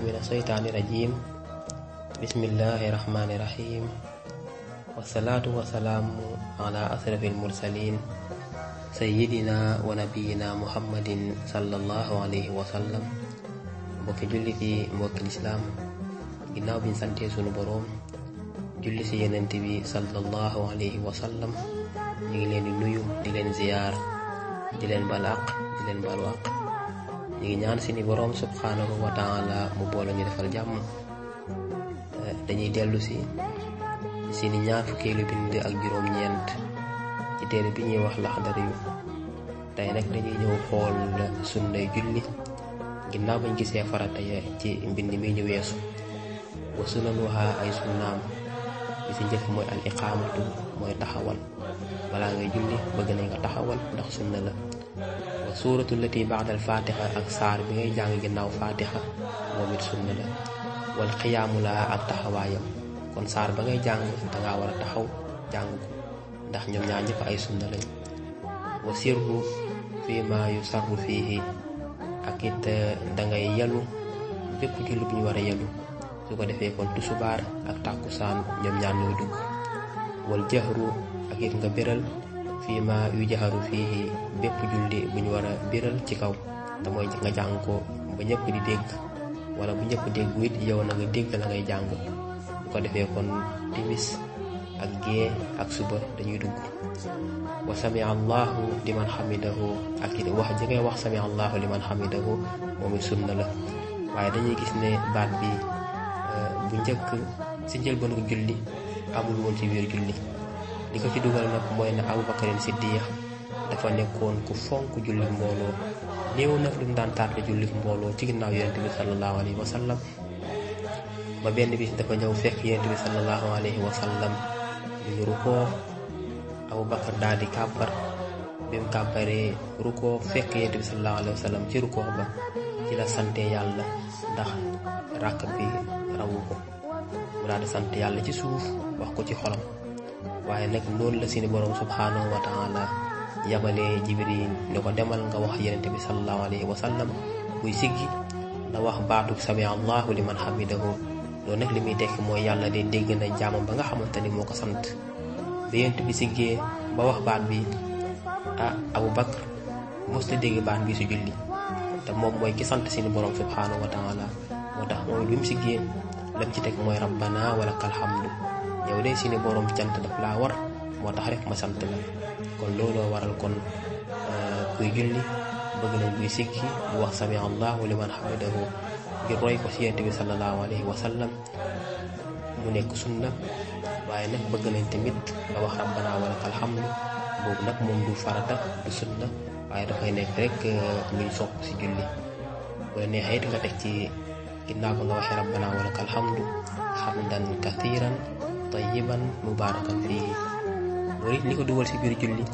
billahi min asheytaani rajim bismillahi rahmaani rahim wasalaatu wasalaamu ala asrafi almursalin sayidina wa nabiyina muhammadin sallallahu alayhi wa sallam mbokki jullit yi mbokki lislaam ginnaaw biñ santee sunu boroom julli si yenent bi sallallahu alayhi wa sallam ñu ngi leen di nuyu di leen ziyaar di leen bal aq di leen balu aq ñu ngi ñaan seeni boroom subhanahu wa taala mu boole ñu defal jàmm eh, dañuy dellu si seeni ñaar fukkeelu bind ak juróom-ñeent ci téere bi ñuy wax laxdari yu tey nag dañuy ñëw xool sunnay julli ginnaaw bañ gisee farata ya ci mbind mi ñu weesu wa sunan waxaa ay sunnaam bi si njëkk mooy al iqaamatu mooy taxawal balaa ngay julli bëgg nañ nga taxawal ndax sunna la suuratu lati baadal fatiha ak saar bi ngay jàng ginnaaw fatiha moom it sunna la wal xiyaamu la ak taxawaayam kon saar ba ngay jàng danga war a taxaw jàng ko ndax ñoom ñaar ñëpp ay sunna lañ wa sirru fii ma yu sarru fiihi ak it eh, dangay yelu bépp julli bu ñu war a yelu su ko defee kon tusubaar ak tàkkusaan ñoom ñaar ñooy dugg wal jahru ak it nga béral fii ma yu jaxaru fii bépp julli bu ñu war a biral ci kaw te mooy nga jàng ko ba ñëpp di dégg wala bu ñëpp dégg it yow na nga dégg la ngay jàng bu ko defee kon timis ak gée ak suba dañuy dugg wa sami allahu liman xamidahu ak it wax ji ngay wax sami allahu liman xamidahu moom it sunna la waaye dañuy gis ne baat bi euh, bu njëkk si njëlbéenu julli amul woon ci biir julli li ko ci dugal nag mooy na Abubakarin Siddiq dafa nekkoon ku fonk julli mbooloo néew nag lu mu daan tardé julli mbooloo ci ginnaaw yonent bi sallallahu alayhi wa sallam ba benn bis dafa ñëw fekk yonent bi sallallahu alayhi wa daal di kàbbar bi mu kàbbaree rukoo fekk yonent bi ci rukoo ba ci la sante yàlla ndax rakk bi rawu ko mu daal di sant yàlla ci suuf wax ko ci xolam waaye nag loolu la seeni borom subhaanahu wa taala yabalee jibril ni ko demal nga wax yenente bi sallallahu alayhi wa sallam muy siggi na wax baatu sami allahu liman hamidahu loolu nag li muy tekk mooy de dégg na ba nga xamante ni moo ko sant ba yenente bi ba wax baat bi ah abu bakar mos la dégg baat bi su julli te moom mooy ki sant seeni borom subhaanahu wa taala moo tax moom bi mu siggee lam ci teg mooy rabbana walakal hamdu yow de suñu borom cant daf laa war moo tax rek ma sant la kon looloo waral kon eh, kuy julli bëgg nañ buy sikki bu wax sami allahu liman hamidahu ngir roy ko ci wa sallam mu nekk sunna waaye nag bëgg tamit nga wax rabbana wa nag moom du farata du waaye dafay nekk rek luñ sopp ci julli bu la neexee it nga teg ci ginnaaw ba nga waxee rabbana wa lakal hamdu hamdan kathiran tayyiban mubaarakan fii loolu it li ko dugal ci biir julli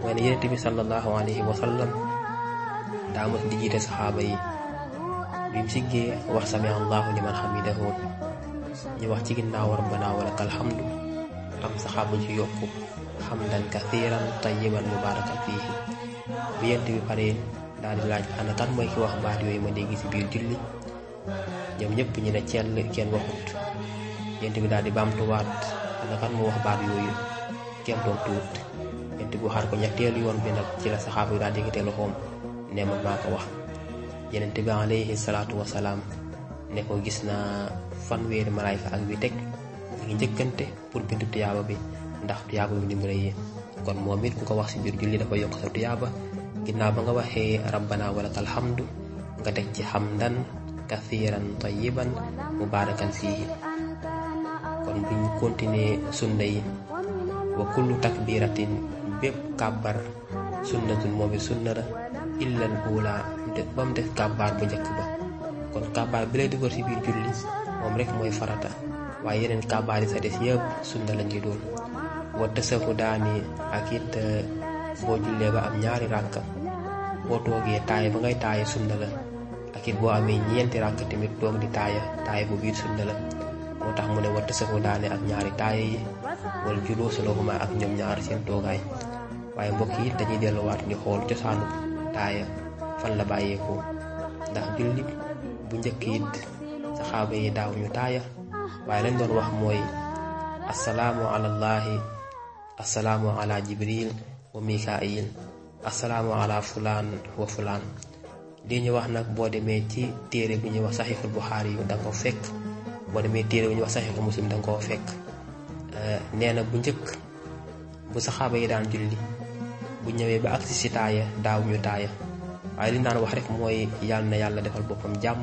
mooy ne yonent bi sallallahu alayhi wa sallam daa mos di jiite saxaaba yi bi mu siggee wax sami allahu liman xamidahu ñu wax ci ginnaaw rabbana walakal hamdu am saxaaba ci yokku xamdan kathiran tayyiban mubaarakan fii bi yonent bi paree daal di laaj ana kan mooy ki wax baat yooyu ma dégg ci biir julli ñoom ñëpp ñu ne cell kenn waxut yent bi daal di baamtuwaat ana kan mu wax baat yooyu kenn tontuwut yent bi waxaat ko ñetteelu yoon bi nag ci la saxaaba yi daal di yëkkatee loxoom ne man maa ko wax yonent bi alayhi salaatu wasalaam ne ko gis naa fanweeri malaayka ak bi teg ñu ngi njëkkante pour bindu tuyaaba bi ndax tuyaaba bi ni mu kon moom it ku ko wax ci biir julli dafa yokk sa tuyaaba ginnaaw ba nga waxee rabbana walakal hamdu nga teg ci hamdan kathiran tayyiban mubarakan fiihi bu ñu continuer sunna yi wa kullu takbiratin bépp kàbbar sunnatun moom it sunna la illal uula ba mu def bu njëkk ba kon kàbbaar bi lay dugal ci biir julli moom rek mooy farata waaye yeneen kàbbaar yi sa des yëpp sunna la ñuy doon wa tësafu daani ak it euh, boo jullee ba am ñaari ràkk boo toogee taaya ba ngay taaya sunna la ak it boo amee ñeenti ràkk tamit toog di taaya taaya bu biir sunna la moo tax mu ne watta safu daane ak ñaari taaye yi wala juloo salahuma ak ñoom ñaar seen toogaay waaye mbokk yi dañuy delluwaat di xool cosaanu taaya fan la bàyyeekoo ndax jullit bu njëkk it saxaaba yi daaw ñu taaya waaye lañ doon wax mooy assalaamu alallahi assalaamu ala jibril wa mikail assalaamu ala fulaan wa fulaan li ñu wax nag boo demee ci téere bi ñuy wax saxiixul buxaari yu da fekk boo demee téere bu ñu wax saxiixu muslim da nga koo fekk eh, nee na bu njëkk bu saxaaba yi daan julli bu ñëwee ba agsi si taaya daaw taaya waaye li ñu wax rek mooy yàlla yàlla defal boppam jàmm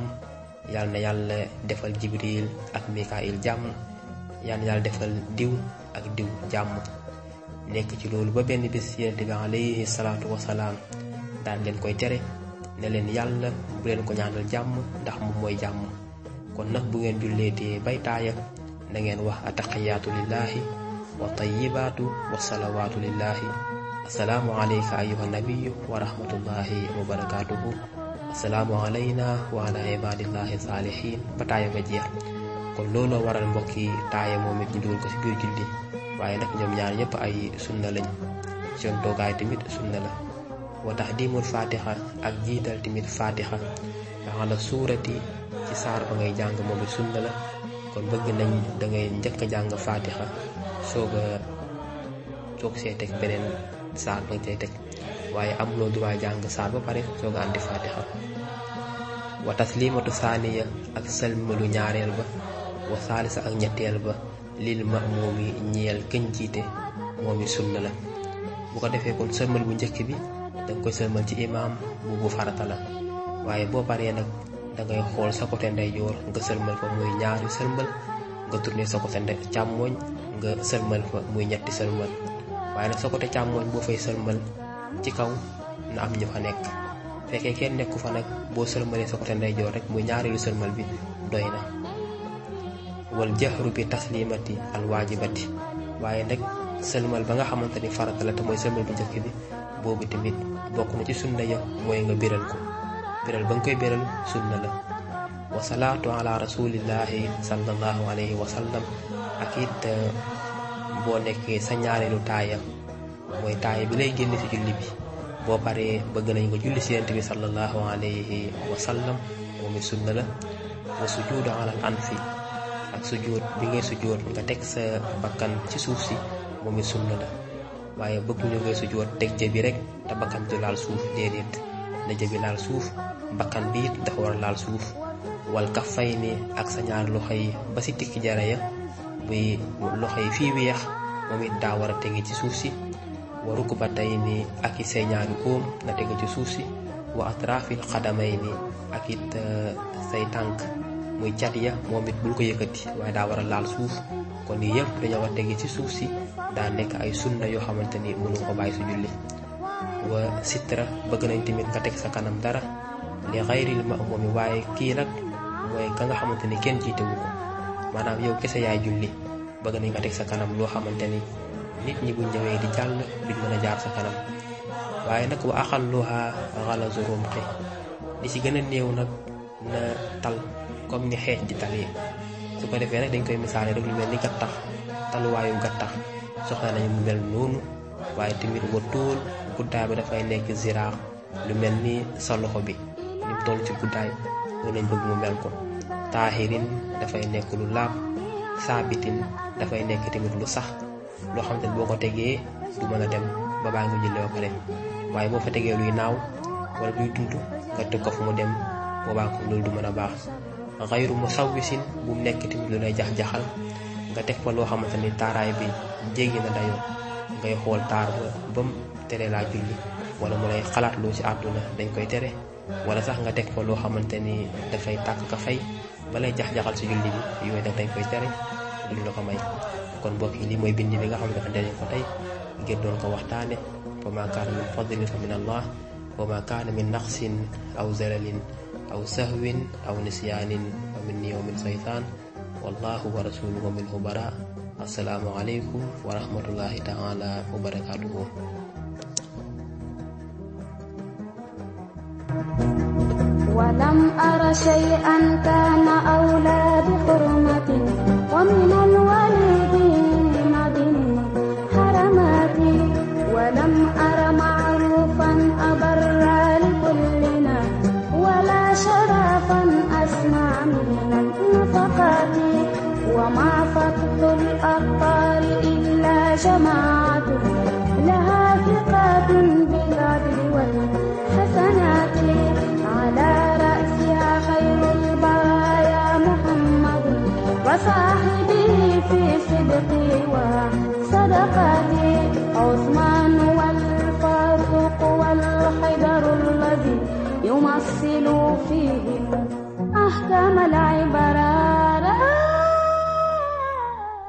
yàlla na yàlla defal jibril ak mikaayil jàmm yàlla yàlla defal diw ak diw jàmm nekk ci loolu ba benn bis yonente bi alayhi salaatu wasalaam daan leen koy tere ne leen yàlla bu leen ko ñaanal jàmm ndax moom mooy jàmm kon nag bu ngeen julleetee bay taaya na ngeen wax ataqiyaatu lillaahi wa tayibaatu wa salawaatu lillaahi assalaamu alayka ayuha nabiyu wa rahmatullahi wa barakaatuhu assalaamu alayna wa ala ibadillahi saalihin ba taaya ba jeex kon looloo waral mbokki taaya moom it ñu dugal ko ci biir julli waaye nag ñoom ñaar ñëpp ay sunna lañ seen toogaay tamit sunna la wa taxdimul fatiha ak jiital tamit fatiha ala saar ba ngay jàng moom it sunna la kon bëgg nañ dangay ngay njëkk a jàng faatixa soog a soog see teg beneen saar ba nga waaye amuloo droit jàng saar ba pare soog a andi faatixa wa taslimatu saaniya ak salmalu ñaareel ba wa saalisa ak ñetteel ba lil ma moom yi ñeel këñ jiite moom yi sunna la bu ko defee kon sëlmal bu njëkk bi danga koy sëlmal ci imaam bu bu farata la waaye boo paree nag dangay xool sa côté ndeyjoor nga sëlmal fa muy ñaari sëlmal nga tourné sa côté ndey càmmooñ nga sëlmal fa muy ñetti sëlmal waaye nag sa côté càmmooñ boo fay sëlmal ci kaw na am ñu fa nekk fekkee kenn nekku fa nag boo sëlmalee sa côté ndeyjoor rek muy lu sëlmal bi doy na wal jahru bi taslimati al waajibati waaye nag sëlmal ba nga xamante ni farata la te mooy sëlmal bu njëkk bi boobu tamit bokk na ci sunna ya mooy nga biral ko beral ba nga koy beral sunna wa sallam ak euh, sa ñaareelu taaya mooy taaya bi lay génn ci julli bi boo paree bëgg nañ nga julli seent bi sallallahu alayhi wa moom it sunna la wa sujuudu ala al anfi ak sujuud bi ngay sujuud nga teg sa bakkan ci suuf si moom it sunna la waaye bëgguñu ngay sujuud teg jëbi rek te bakkan du laal suuf déedéet na jëbi laal suuf bakkan bi it dafa war a laal suuf wal kaffayni ak sa ñaar loxo yi ba si tikki jara ya buy loxo yi fii weex moom it daa war a tege ci suuf si wa rukbatayni ak i say ñaari góom na ci suuf si wa atrafil xadamayni ak it eh, say tànk muy cat ya moom it bul ko yëkkati waaye daa war a laal suuf kon yii yëpp dañoo war a tege ci suuf si daa nekk ay sunna yoo xamante ni mënu ko bàyyi su julli wa sitra bëgg nañ tamit nga teg sa kanam dara li xayril maamumi waaye kii nag mooy ka nga xamante ni kenn jiitewu ko maanaam yow kese yaay julli bëgg nañ nga teg sa kanam loo xamante ni nit ñi bu ñëwee di jàll duñ mën a jaar sa kanam waaye nag wa axalluha xalasu rumqi li ci gën a néew nag na tal comme ni xeej di talee su ko defee nag dañ koy misaale rek lu mel ni gattax taluwaayu gattax soxla nañu mu mel noonu waaye tamit wa tóol bi dafay nekk ziraax lu mel ni sa loxo bi ni mu toll ci guddaay loolu lañ bëgg mu mel ko taahirin dafay nekk lu laab saabitin dafay nekk tamit lu sax loo xam ne boo ko tegee du mën a dem ba baa ngi julli ba pare waaye boo fa tegee luy naaw wala luy dund nga tëg ko fu mu dem boobaa ko loolu du mën a baax xayru musawwisin bu mu nekk tamit lu lay jax-jaxal nga teg fa loo xamante ni taaraay bi jéggi na dayoo ngay xool taar ba bam tere laa julli wala mu lay xalaat loo ci àdduna dañ koy tere wala sax nga teg ko loo xamante ni dafay tàkk ka fay balay jax-jaxal si julli bi yooyu nag dañ koy tere duñ ko may kon mbokk yi lii mooy bind bi nga xam ne ande nañ ko tey ngir doon ko waxtaane wa ma kaana min fadlin fa min allah wa ma kaana min naqsin aw zalalin aw sahwin aw nisyaanin wa minni wa min saytaan wallahu wa rasuluhu minhu bara assalaamu aleykum wa rahmatullahi taala wa barakatuhu ولم أر شيئا كان أولى بحرمة ومن الوليد مدن حرماتي ولم أر معروفا أبر لكلنا ولا شرفا أسمع من النفقات وما فقد الأقطار إلا جماعة وصاحبي في صدقي وصدقتي عثمان والفاروق والحجر الذي يمثل فيهم أحكم العبرات